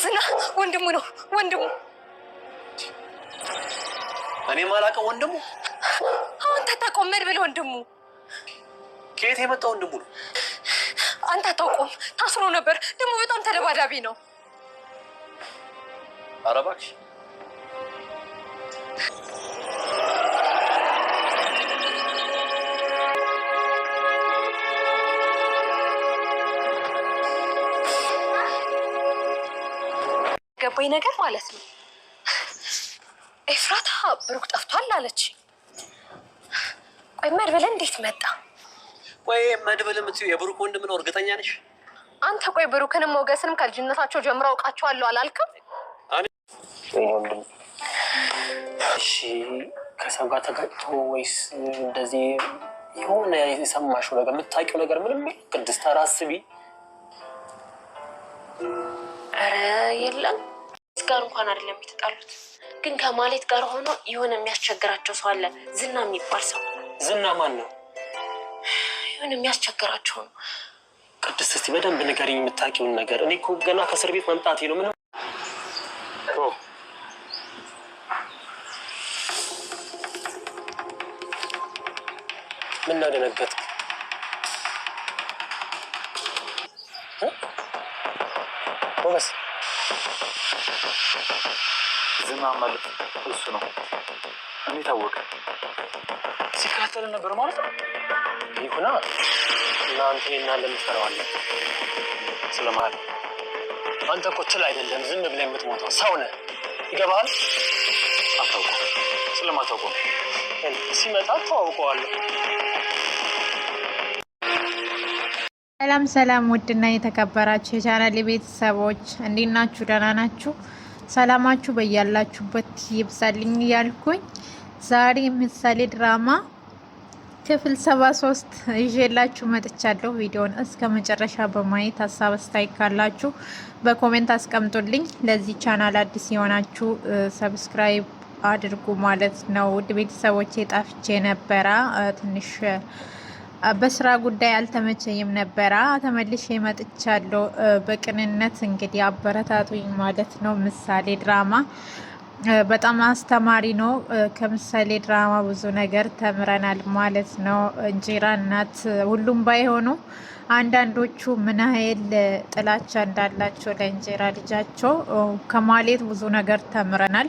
ዝና ወንድሙ ነው ወንድሙ። እኔ ማላውቀው ወንድሙ አሁን ታታቆም መድብል ወንድሙ ከየት የመጣ ወንድሙ ነው? አንተ አታውቀውም። ታስሮ ነበር ደግሞ በጣም ተደባዳቢ ነው። ኧረ እባክሽ ያልገባኝ ነገር ማለት ነው ኤፍራታ ብሩክ ጠፍቷል አለች። ቆይ መድብል እንዴት መጣ? ቆይ መድብል የምትይው የብሩክ ወንድም ነው? እርግጠኛ ነሽ? አንተ ቆይ ብሩክንም ሞገስንም ከልጅነታቸው ጀምሮ አውቃቸዋለሁ አላልክም? እሺ ከሰው ጋር ተጋጭቶ ወይስ እንደዚህ የሆነ የሰማሽው ነገር የምታውቂው ነገር ምንም? ቅድስት አስቢ። ኧረ የለም ጋር እንኳን አይደለም የተጣሉት፣ ግን ከማሌት ጋር ሆኖ የሆነ የሚያስቸግራቸው ሰው አለ። ዝና የሚባል ሰው። ዝና ማን ነው? የሆነ የሚያስቸግራቸው ነው። ቅድስት፣ እስቲ በደንብ ንገሪኝ የምታውቂውን ነገር። እኔ እኮ ገና ከእስር ቤት መምጣቴ ነው። ምንም ምን ዝና ማለት እሱ ነው። እኔ ታወቀ ሲከታተል ነበር ማለት ነው። ይሁና ለአንተ እና ለምትፈራዋለን ስለመሃል አንተ እኮ ትል አይደለም ዝም ብለህ የምትሞተው ሰው ነህ። ይገባሃል? አታውቁ ስለማታውቁ ሲመጣ ተዋውቀዋለሁ ሰላም ሰላም፣ ውድና የተከበራችሁ የቻናል ቤተሰቦች እንዴት ናችሁ? ደህና ናችሁ? ሰላማችሁ በያላችሁበት ይብዛልኝ እያልኩኝ ዛሬ ምሳሌ ድራማ ክፍል ሰባ ሶስት ይዤላችሁ መጥቻለሁ። ቪዲዮን እስከ መጨረሻ በማየት ሀሳብ አስተያየት ካላችሁ በኮሜንት አስቀምጡልኝ። ለዚህ ቻናል አዲስ የሆናችሁ ሰብስክራይብ አድርጉ ማለት ነው። ውድ ቤተሰቦች የጣፍቼ ነበረ ትንሽ በስራ ጉዳይ አልተመቸኝም ነበረ። ተመልሼ መጥቻለሁ። በቅንነት እንግዲህ አበረታቱኝ ማለት ነው። ምሳሌ ድራማ በጣም አስተማሪ ነው። ከምሳሌ ድራማ ብዙ ነገር ተምረናል ማለት ነው። እንጀራ እናት ሁሉም ባይሆኑ አንዳንዶቹ ምን ያህል ጥላቻ እንዳላቸው ለእንጀራ ልጃቸው ከማሌት ብዙ ነገር ተምረናል።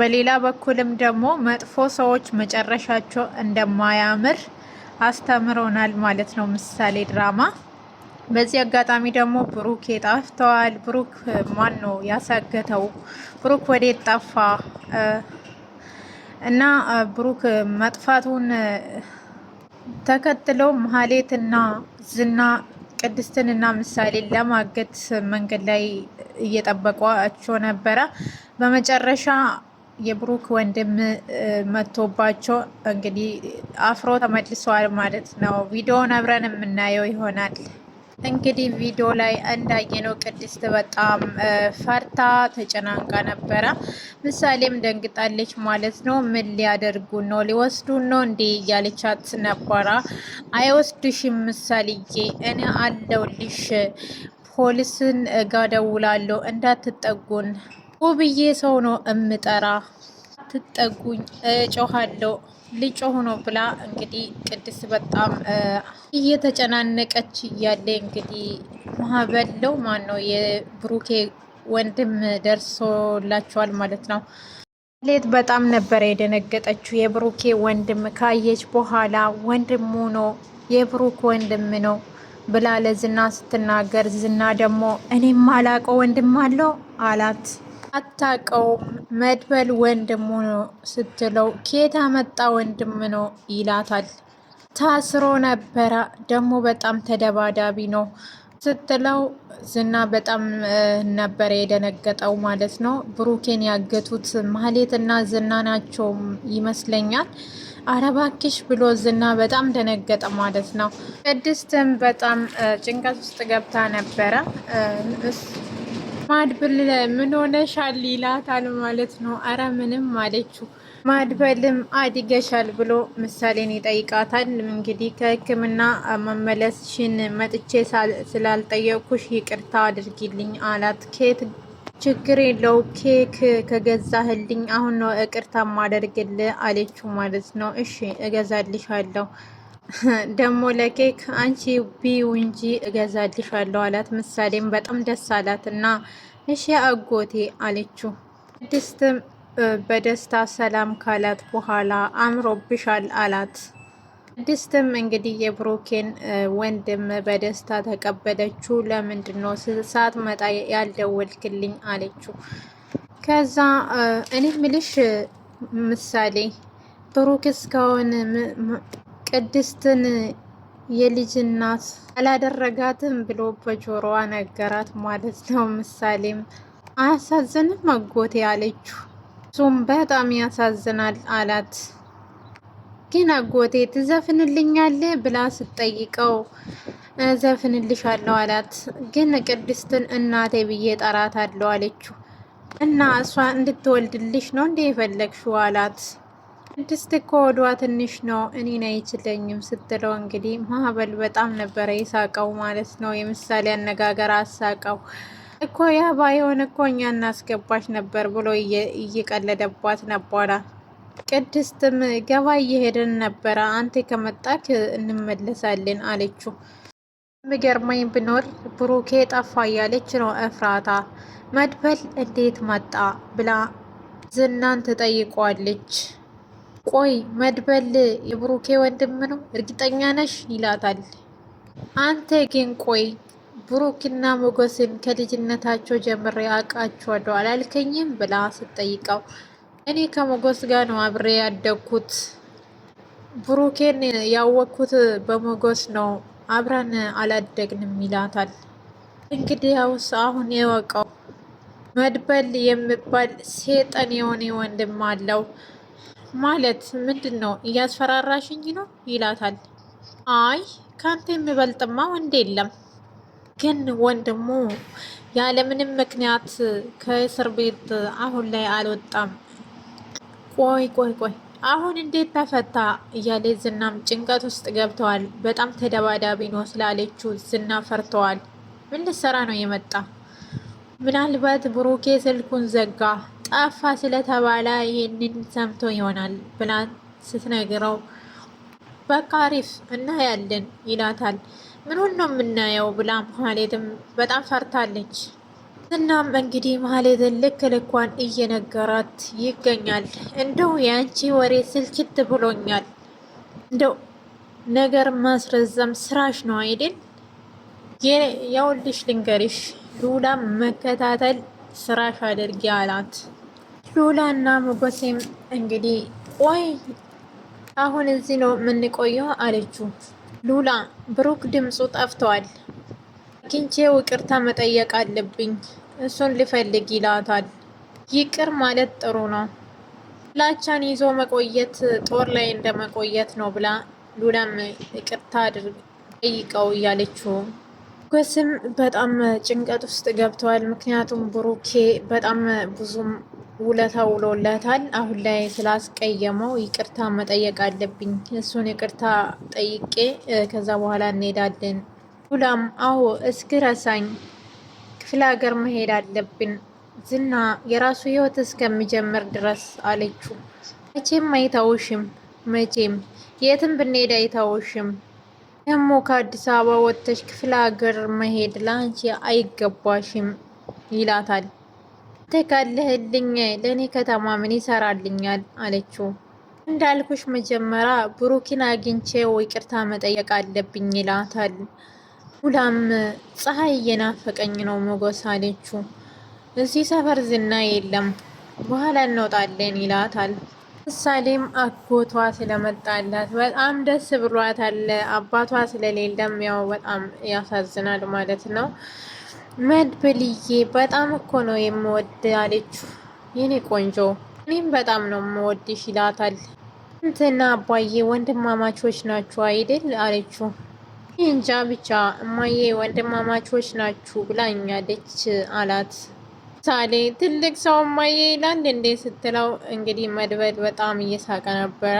በሌላ በኩልም ደግሞ መጥፎ ሰዎች መጨረሻቸው እንደማያምር አስተምሮናል ማለት ነው ምሳሌ ድራማ። በዚህ አጋጣሚ ደግሞ ብሩክ የጣፍተዋል። ብሩክ ማን ነው ያሳገተው? ብሩክ ወዴት ጠፋ? እና ብሩክ መጥፋቱን ተከትለው መሀሌትና ዝና ቅድስትንና ምሳሌ ለማገት መንገድ ላይ እየጠበቋቸው ነበረ በመጨረሻ የብሩክ ወንድም መቶባቸው እንግዲህ አፍሮ ተመልሰዋል ማለት ነው። ቪዲዮውን አብረን የምናየው ይሆናል። እንግዲህ ቪዲዮ ላይ እንዳየነው ቅድስት በጣም ፈርታ ተጨናንቃ ነበረ። ምሳሌም ደንግጣለች ማለት ነው። ምን ሊያደርጉ ነው? ሊወስዱ ነው እንዴ? እያለቻት ነበረ። አይወስዱሽ ምሳሌዬ፣ እኔ ልሽ ፖሊስን ጋ ደውላለሁ፣ እንዳትጠጉን ውብዬ ሰው ነው እምጠራ ትጠጉኝ እጮሃለሁ ልጮህ ነው ብላ እንግዲህ ቅድስት በጣም እየተጨናነቀች እያለ እንግዲህ ማህበለው ማን ነው የብሩኬ ወንድም ደርሶላቸዋል ማለት ነው። ሌት በጣም ነበረ የደነገጠችው። የብሩኬ ወንድም ካየች በኋላ ወንድሙ ነው የብሩክ ወንድም ነው ብላ ለዝና ስትናገር፣ ዝና ደግሞ እኔም አላቀው ወንድም አለው አላት። አታቀውም መድበል ወንድሙ ነው ስትለው ኬት መጣ ወንድም ነው ይላታል። ታስሮ ነበረ ደግሞ በጣም ተደባዳቢ ነው ስትለው ዝና በጣም ነበረ የደነገጠው ማለት ነው። ብሩኬን ያገቱት ማህሌትና ዝና ናቸው ይመስለኛል። አረባኪሽ ብሎ ዝና በጣም ደነገጠ ማለት ነው። ቅድስትም በጣም ጭንቀት ውስጥ ገብታ ነበረ። ማድበል ምን ሆነሻል ይላታል ማለት ነው። አረ ምንም አለችው። ማድበልም አድገሻል ብሎ ምሳሌን ይጠይቃታል። እንግዲህ ከሕክምና መመለስሽን መጥቼ ስላልጠየቅኩሽ ይቅርታ አድርጊልኝ አላት። ኬት ችግር የለው ኬክ ከገዛህልኝ አሁን ነው እቅርታ ማደርግል አለችው ማለት ነው። እሺ እገዛልሻለሁ ደግሞ ለኬክ አንቺ ቢው እንጂ እገዛልሻለሁ አላት። ምሳሌም በጣም ደስ አላት እና እሺ አጎቴ አለችው። ቅድስትም በደስታ ሰላም ካላት በኋላ አምሮብሻል አላት። ቅድስትም እንግዲህ የብሩኬን ወንድም በደስታ ተቀበለችው። ለምንድን ነው ሳትመጣ ያልደወልክልኝ? አለችው። ከዛ እኔ ምልሽ ምሳሌ ብሩክ እስካሁን ቅድስትን የልጅ እናት አላደረጋትም ብሎ በጆሮዋ ነገራት ማለት ነው። ምሳሌም አያሳዝንም አጎቴ አለችው። እሱም በጣም ያሳዝናል አላት። ግን አጎቴ ትዘፍንልኛለህ ብላ ስትጠይቀው ዘፍንልሻለሁ አላት። ግን ቅድስትን እናቴ ብዬ ጠራታለሁ አለችው። እና እሷ እንድትወልድልሽ ነው እንደ የፈለግሽው አላት። ቅድስት እኮ ወዷ ትንሽ ነው እኔን አይችለኝም ስትለው እንግዲህ ማህበል በጣም ነበረ የሳቀው ማለት ነው። የምሳሌ አነጋገር አሳቀው እኮ ያ ባይሆን እኮ እኛ እናስገባሽ ነበር ብሎ እየቀለደባት ነበረ። ቅድስትም ገባ እየሄደን ነበረ አንተ ከመጣክ እንመለሳለን አለችው። የሚገርመኝ ብኖር ብሩኬ ጠፋ እያለች ነው እፍራታ። መድበል እንዴት መጣ ብላ ዝናን ትጠይቋለች። ቆይ መድበል የብሩኬ ወንድም ነው እርግጠኛ ነሽ? ይላታል። አንተ ግን ቆይ ብሩክና ሞገስን ከልጅነታቸው ጀምሬ አውቃቸዋለሁ አላልከኝም? ብላ ስትጠይቀው እኔ ከሞገስ ጋር ነው አብሬ ያደግኩት፣ ብሩኬን ያወቅኩት በሞገስ ነው፣ አብረን አላደግንም ይላታል። እንግዲያውስ አሁን የወቀው መድበል የሚባል ሴጠን የሆነ ወንድም አለው ማለት ምንድን ነው እያስፈራራሽኝ ነው ይላታል። አይ ካንተ የሚበልጥማ ወንድ የለም። ግን ወንድሙ ያለምንም ምክንያት ከእስር ቤት አሁን ላይ አልወጣም። ቆይ ቆይ ቆይ አሁን እንዴት ተፈታ? እያለ ዝናም ጭንቀት ውስጥ ገብተዋል። በጣም ተደባዳቢ ነው ስላለችው ዝና ፈርተዋል። ምን ልሰራ ነው የመጣ ምናልባት ብሩኬ ስልኩን ዘጋ ጠፋ ስለተባለ ይህንን ሰምቶ ይሆናል ብላ ስትነግረው በቃ አሪፍ እናያለን ይላታል። ምን ነው የምናየው ብላ ማህሌትም በጣም ፈርታለች። እናም እንግዲህ ማህሌትን ልክ ልኳን እየነገራት ይገኛል። እንደው የአንቺ ወሬ ስልችት ብሎኛል። እንደው ነገር ማስረዘም ስራሽ ነው አይደል? የውልሽ ልንገርሽ ሉላ መከታተል ስራሽ አድርጊ አላት። ሉላ እና ሞገሴም እንግዲህ ቆይ አሁን እዚህ ነው የምንቆየው አለችው። ሉላ ብሩክ ድምፁ ጠፍተዋል፣ አግኝቼው ይቅርታ መጠየቅ አለብኝ እሱን ልፈልግ ይላታል። ይቅር ማለት ጥሩ ነው፣ ላቻን ይዞ መቆየት ጦር ላይ እንደ መቆየት ነው ብላ ሉላም ይቅርታ አድርግ ጠይቀው እያለችው ሞገስም በጣም ጭንቀት ውስጥ ገብተዋል። ምክንያቱም ብሩኬ በጣም ብዙም ውለታ ውሎለታል። አሁን ላይ ስላስቀየመው ይቅርታ መጠየቅ አለብኝ። እሱን ይቅርታ ጠይቄ ከዛ በኋላ እንሄዳለን። ሉላም አዎ እስክረሳኝ ክፍለ ሀገር መሄድ አለብን ዝና የራሱ ህይወት እስከሚጀምር ድረስ አለችው። መቼም አይታውሽም፣ መቼም የትም ብንሄድ አይታውሽም ደግሞ ከአዲስ አበባ ወጥተሽ ክፍለ ሀገር መሄድ ለአንቺ አይገባሽም ይላታል። ተካለህልኝ ለእኔ ከተማ ምን ይሰራልኛል አለችው። እንዳልኩሽ መጀመሪያ ብሩኪን አግኝቼ ይቅርታ መጠየቅ አለብኝ ይላታል። ሁላም ፀሐይ እየናፈቀኝ ነው ሞገስ አለችው። እዚህ ሰፈር ዝና የለም፣ በኋላ እንወጣለን ይላታል። ምሳሌም አጎቷ ስለመጣላት በጣም ደስ ብሏት አለ አባቷ ስለሌለም ያው በጣም ያሳዝናል ማለት ነው። መድብልዬ በጣም እኮ ነው የምወድ አለች። ይህኔ ቆንጆ እኔም በጣም ነው የምወድሽ ይላታል። እንትና አባዬ ወንድማማቾች ናችሁ አይደል አለችው። እንጃ ብቻ እማዬ ወንድማማቾች ናችሁ ብላኛለች አላት። ምሳሌ ትልቅ ሰው ማዬ ይላል እንዴ ስትለው እንግዲህ መድበል በጣም እየሳቀ ነበረ።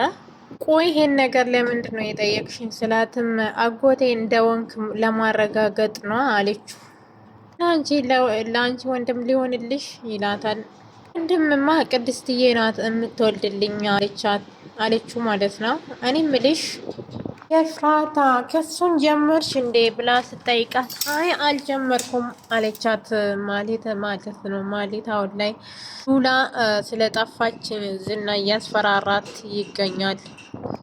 ቆይ ይሄን ነገር ለምንድን ነው የጠየቅሽኝ ስላትም አጎቴ እንደወንክ ለማረጋገጥ ነው አለችው። ለአንቺ ወንድም ሊሆንልሽ ይላታል። ወንድምማ ቅድስትዬ ናት የምትወልድልኝ አለቻት አለችው ማለት ነው እኔ ምልሽ የፍራታ ከሱን ጀመርሽ እንዴ ብላ ስጠይቃት አይ አልጀመርኩም አለቻት። ማሌት ማለት ነው። ማሌት አሁን ላይ ሉላ ስለጠፋች ዝና እያስፈራራት ይገኛል።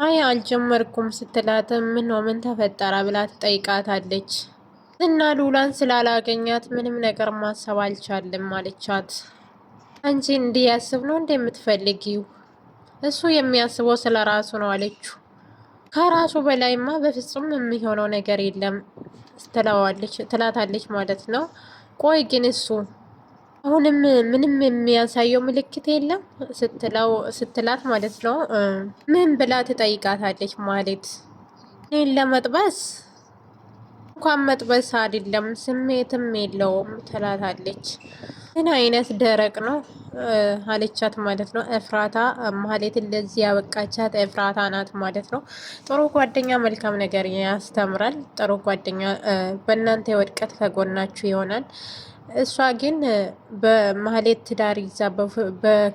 አይ አልጀመርኩም ስትላት ምን ምን ተፈጠረ ብላ ትጠይቃታለች። ዝና ሉላን ስላላገኛት ምንም ነገር ማሰብ አልቻለም አለቻት። አንቺ እንዲያስብ ነው እንደምትፈልጊው እሱ የሚያስበው ስለ ራሱ ነው አለችው። ከራሱ በላይማ በፍጹም የሚሆነው ነገር የለም ትለዋለች ትላታለች ማለት ነው። ቆይ ግን እሱ አሁንም ምንም የሚያሳየው ምልክት የለም ስትለው ስትላት ማለት ነው። ምን ብላ ትጠይቃታለች ማለት እኔን ለመጥበስ እንኳን መጥበስ አይደለም ስሜትም የለውም ትላታለች። ምን አይነት ደረቅ ነው አለቻት ማለት ነው። እፍራታ ማለት ለዚህ ያበቃቻት እፍራታ ናት ማለት ነው። ጥሩ ጓደኛ መልካም ነገር ያስተምራል። ጥሩ ጓደኛ በእናንተ የወድቀት ከጎናችሁ ይሆናል። እሷ ግን በማህሌት ትዳር ይዛ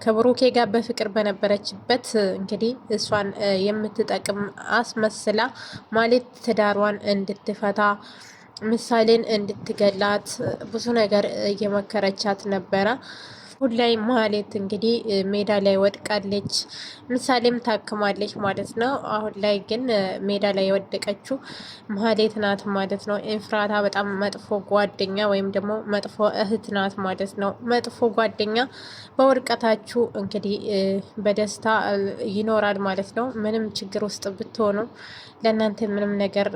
ከብሩኬ ጋር በፍቅር በነበረችበት እንግዲህ እሷን የምትጠቅም አስመስላ ማህሌት ትዳሯን እንድትፈታ ምሳሌን እንድትገላት ብዙ ነገር እየመከረቻት ነበረ። አሁን ላይ ማለት እንግዲህ ሜዳ ላይ ወድቃለች፣ ምሳሌም ታክማለች ማለት ነው። አሁን ላይ ግን ሜዳ ላይ የወደቀችው ማህሌት ናት ማለት ነው። ኤፍራታ በጣም መጥፎ ጓደኛ ወይም ደግሞ መጥፎ እህት ናት ማለት ነው። መጥፎ ጓደኛ በውድቀታችሁ እንግዲህ በደስታ ይኖራል ማለት ነው። ምንም ችግር ውስጥ ብትሆኑ ለእናንተ ምንም ነገር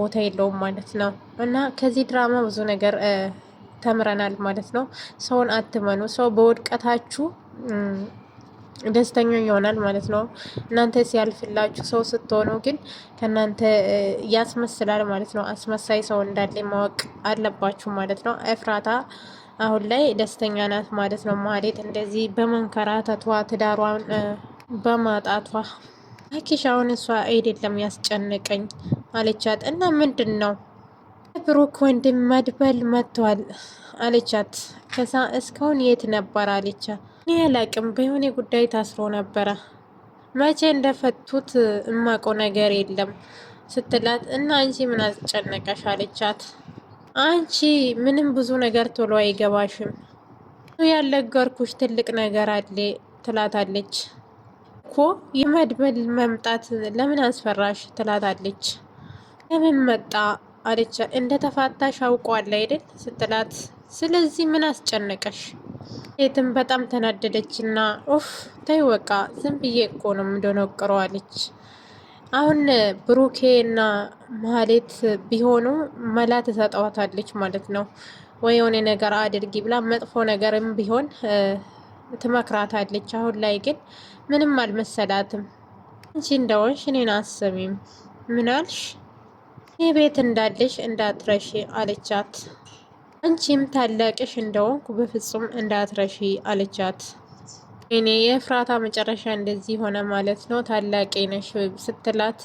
ቦታ የለውም ማለት ነው እና ከዚህ ድራማ ብዙ ነገር ተምረናል ማለት ነው። ሰውን አትመኑ። ሰው በውድቀታችሁ ደስተኛ ይሆናል ማለት ነው። እናንተ ሲያልፍላችሁ ሰው ስትሆኑ ግን ከእናንተ ያስመስላል ማለት ነው። አስመሳይ ሰው እንዳለ ማወቅ አለባችሁ ማለት ነው። እፍራታ አሁን ላይ ደስተኛ ናት ማለት ነው። ማለት እንደዚህ በመንከራተቷ ትዳሯን በማጣቷ አኪሽ አሁን እሷ አይደለም ያስጨነቀኝ አለቻት እና ምንድን ነው የብሩክ ወንድም መድበል መጥቷል አለቻት። ከዛ እስካሁን የት ነበር አለቻ። እኔ አላቅም፣ በሆነ ጉዳይ ታስሮ ነበረ፣ መቼ እንደፈቱት እማቆ ነገር የለም ስትላት እና አንቺ ምን አስጨነቀሽ አለቻት። አንቺ ምንም ብዙ ነገር ቶሎ አይገባሽም ያልነገርኩሽ ትልቅ ነገር አለ ትላታለች እኮ የመድበል መምጣት ለምን አስፈራሽ? ትላታለች ለምን መጣ አለቻ። እንደ ተፋታሽ አውቀዋል አይደል ስትላት፣ ስለዚህ ምን አስጨነቀሽ? ሴትም በጣም ተናደደች እና ኡፍ ተይ በቃ ዝም ብዬ እኮ ነው እንደነቀረው አለች። አሁን ብሩኬ እና ማህሌት ቢሆኑ መላ ትሰጠዋታለች ማለት ነው። ወይ የሆነ ነገር አድርጊ ብላ መጥፎ ነገርም ቢሆን ትመክራታለች። አሁን ላይ ግን ምንም አልመሰላትም። አንቺ እንደወንሽ እኔን አሰሚም ምናልሽ ይህ ቤት እንዳለሽ እንዳትረሺ አለቻት። አንቺም ታላቅሽ እንደሆንኩ በፍጹም እንዳትረሺ አለቻት። እኔ የፍራታ መጨረሻ እንደዚህ ሆነ ማለት ነው ታላቅ ነሽ ስትላት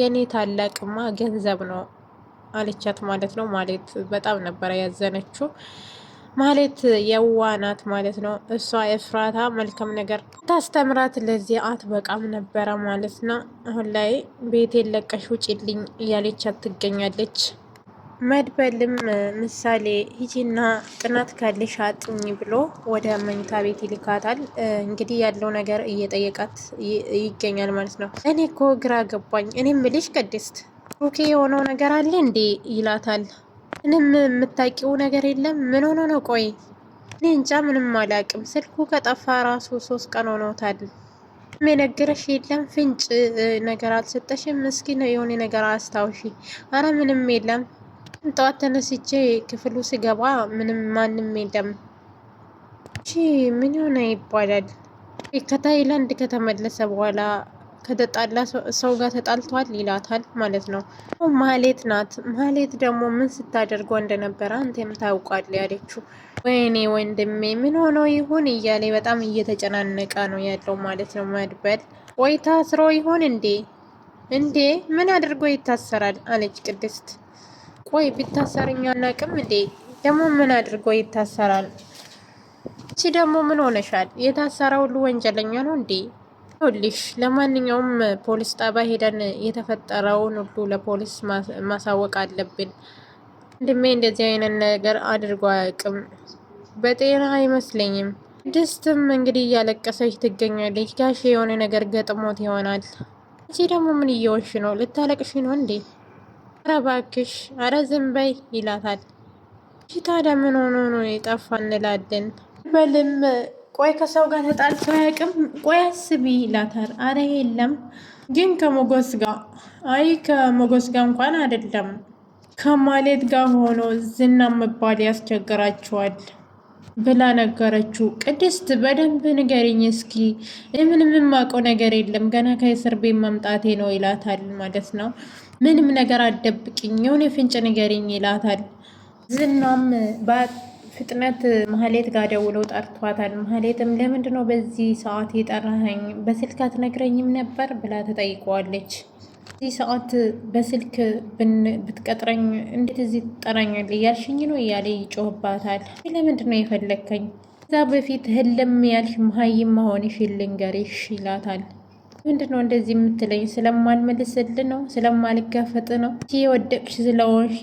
የኔ ታላቅማ ገንዘብ ነው አለቻት ማለት ነው። ማለት በጣም ነበረ ያዘነችው። ማለት የዋናት ማለት ነው። እሷ የፍራታ መልካም ነገር ታስተምራት ለዚህ አትበቃም ነበረ ማለት ነው። አሁን ላይ ቤቴን ለቀሽ ውጭልኝ እያለቻት ትገኛለች። መድበልም ምሳሌ ሂጂና ጥናት ካለሽ አጥኝ ብሎ ወደ መኝታ ቤት ይልካታል። እንግዲህ ያለው ነገር እየጠየቃት ይገኛል ማለት ነው። እኔ እኮ ግራ ገባኝ። እኔ ምልሽ ቅድስት ሩኬ የሆነው ነገር አለ እንዴ ይላታል። ምንም የምታውቂው ነገር የለም? ምን ሆኖ ነው? ቆይ እኔ እንጃ ምንም አላውቅም። ስልኩ ከጠፋ ራሱ ሶስት ቀን ሆኖታል። የነገረሽ የለም? ፍንጭ ነገር አልሰጠሽም? እስኪ የሆነ ነገር አስታውሺ። አረ ምንም የለም። ጠዋት ተነስቼ ክፍሉ ስገባ ምንም ማንም የለም። እሺ ምን ሆነ ይባላል? ከታይላንድ ከተመለሰ በኋላ ከተጣላ ሰው ጋር ተጣልቷል ይላታል ማለት ነው። ማሌት ናት። ማሌት ደግሞ ምን ስታደርገው እንደነበረ አንተም ታውቃለህ ያለችው። ወይኔ ወንድሜ ምን ሆኖ ይሁን እያለ በጣም እየተጨናነቀ ነው ያለው ማለት ነው። መድበል ወይ ታስሮ ይሆን እንዴ? እንዴ ምን አድርጎ ይታሰራል? አለች ቅድስት። ቆይ ቢታሰርኛ አናቅም እንዴ? ደግሞ ምን አድርጎ ይታሰራል? እቺ ደግሞ ምን ሆነሻል? የታሰረ ሁሉ ወንጀለኛ ነው እንዴ? ይኸውልሽ ለማንኛውም ፖሊስ ጣቢያ ሄደን የተፈጠረውን ሁሉ ለፖሊስ ማሳወቅ አለብን። ወንድሜ እንደዚህ አይነት ነገር አድርጎ አያውቅም፣ በጤና አይመስለኝም። ድስትም እንግዲህ እያለቀሰች ትገኛለች። ጋሽ የሆነ ነገር ገጥሞት ይሆናል። እዚህ ደግሞ ምን እየወሽ ነው? ልታለቅሽ ነው እንዴ? ኧረ እባክሽ፣ ኧረ ዝም በይ ይላታል። ታዲያ ምን ሆኖ ነው የጠፋ እንላለን በልም ቆይ ከሰው ጋር ተጣልቶ አያውቅም? ቆይ አስቢ ይላታል። አረ የለም ግን ከሞጎስ ጋር አይ ከሞጎስ ጋር እንኳን አይደለም ከማሌት ጋር ሆኖ ዝና መባል ያስቸግራቸዋል ብላ ነገረችው። ቅድስት በደንብ ንገሪኝ እስኪ ምንም የማውቀው ነገር የለም ገና ከእስር ቤት መምጣቴ ነው ይላታል ማለት ነው። ምንም ነገር አደብቅኝ የሆነ ፍንጭ ንገሪኝ ይላታል ዝናም ፍጥነት ማህሌት ጋር ደውለው ጠርቷታል። ማህሌትም ለምንድን ነው በዚህ ሰዓት የጠራኸኝ? በስልክ አትነግረኝም ነበር ብላ ተጠይቀዋለች። እዚህ ሰዓት በስልክ ብትቀጥረኝ እንዴት እዚህ ትጠራኛለህ እያልሽኝ ነው እያለ ይጮህባታል። ለምንድን ነው የፈለግከኝ? ከዛ በፊት ህልም ያልሽ መሀይም መሆንሽ ልንገርሽ ይላታል። ምንድን ነው እንደዚህ የምትለኝ? ስለማልመልስል ነው? ስለማልጋፈጥ ነው? የወደቅሽ ስለሆንሽ